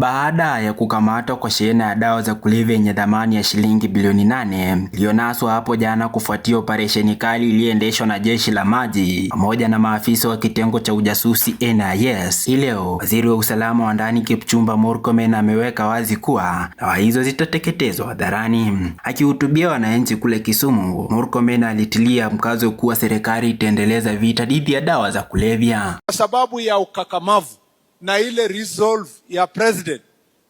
Baada ya kukamatwa kwa shehena ya dawa za kulevya yenye thamani ya shilingi bilioni nane iliyonaswa hapo jana kufuatia operesheni kali iliyoendeshwa na jeshi la maji pamoja na maafisa wa kitengo cha ujasusi NIS, hii leo waziri wa usalama wa ndani Kipchumba Murkomen ameweka wazi kuwa dawa hizo zitateketezwa hadharani. Akihutubia wananchi kule Kisumu, Murkomen alitilia mkazo kuwa serikali itaendeleza vita dhidi ya dawa za kulevya kwa sababu ya ukakamavu na ile resolve ya president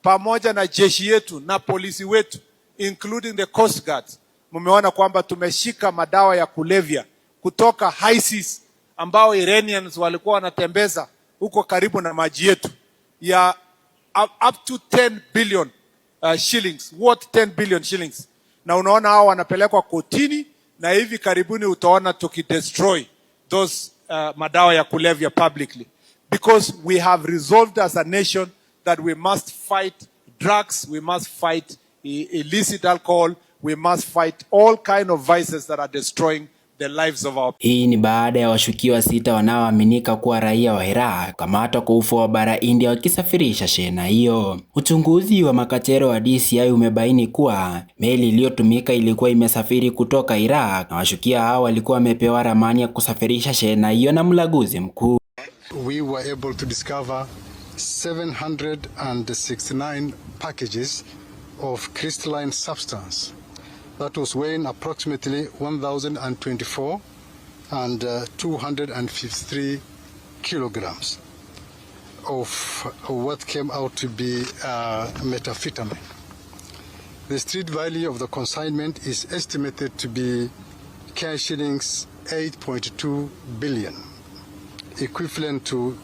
pamoja na jeshi yetu na polisi wetu including the coast guard, mmeona kwamba tumeshika madawa ya kulevya kutoka high seas ambao Iranians walikuwa wanatembeza huko karibu na maji yetu ya up to 10 billion uh, shillings worth 10 billion shillings, na unaona hao wanapelekwa kotini, na hivi karibuni utaona tukidestroy those uh, madawa ya kulevya publicly because we have resolved as a nation that we must fight drugs, we must fight eh, illicit alcohol, we must fight all kind of vices that are destroying the lives of our... Hii ni baada ya washukiwa sita wanaoaminika kuwa raia wa Iraq kukamatwa kwa ufuo wa bara India wakisafirisha shehena hiyo. Uchunguzi wa makachero wa DCI umebaini kuwa meli iliyotumika ilikuwa imesafiri kutoka Iraq na washukiwa hao walikuwa wamepewa ramani ya kusafirisha shehena hiyo na mlaguzi mkuu. we were able to discover 769 packages of crystalline substance that was weighing approximately 1,024 and uh, 253 kilograms of what came out to be uh, methamphetamine. The street value of the consignment is estimated to be cash shillings 8.2 billion. equivalent to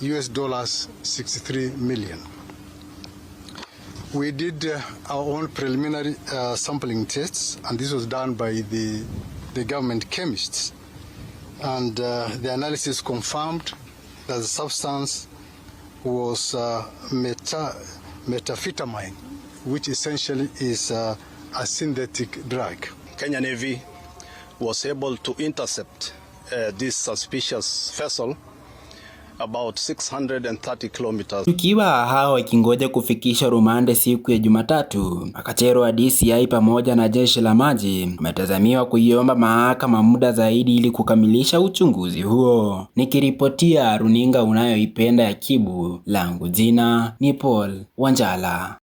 US dollars 63 million. We did uh, our own preliminary uh, sampling tests, and this was done by the, the government chemists. And uh, the analysis confirmed that the substance was uh, meta methamphetamine, which essentially is uh, a synthetic drug. Kenya Navy was able to intercept Uh, this suspicious vessel about 630 kilometers. Tukiwa hao wakingoja kufikisha rumande siku ya Jumatatu, makachero wa DCI pamoja na jeshi la maji wametazamiwa kuiomba mahakama muda zaidi ili kukamilisha uchunguzi huo. Nikiripotia runinga unayoipenda ya Kibu, langu jina ni Paul Wanjala.